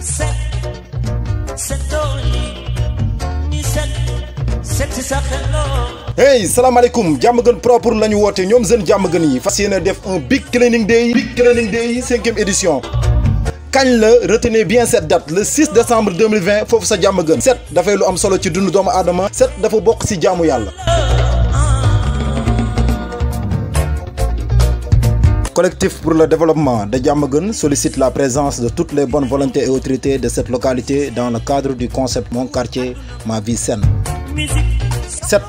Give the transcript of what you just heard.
set setoo lii sa xeloo hey salaamaaleykum jàmm gën propre la woote ñoom seen jàmm gën yi fas yéene def un big cleaning day big cleaning day cinquième édition kañ la retenez bien cette date le 6 décembre 2020 foofu sa jàmm gën set dafay lu am solo ci dundu doomu aadama set dafa bokk si jaamu yàlla collectif pour le développement de Djamagun sollicite la présence de toutes les bonnes volontés et autorités de cette localité dans le cadre du concept Mon quartier, ma vie saine. Cette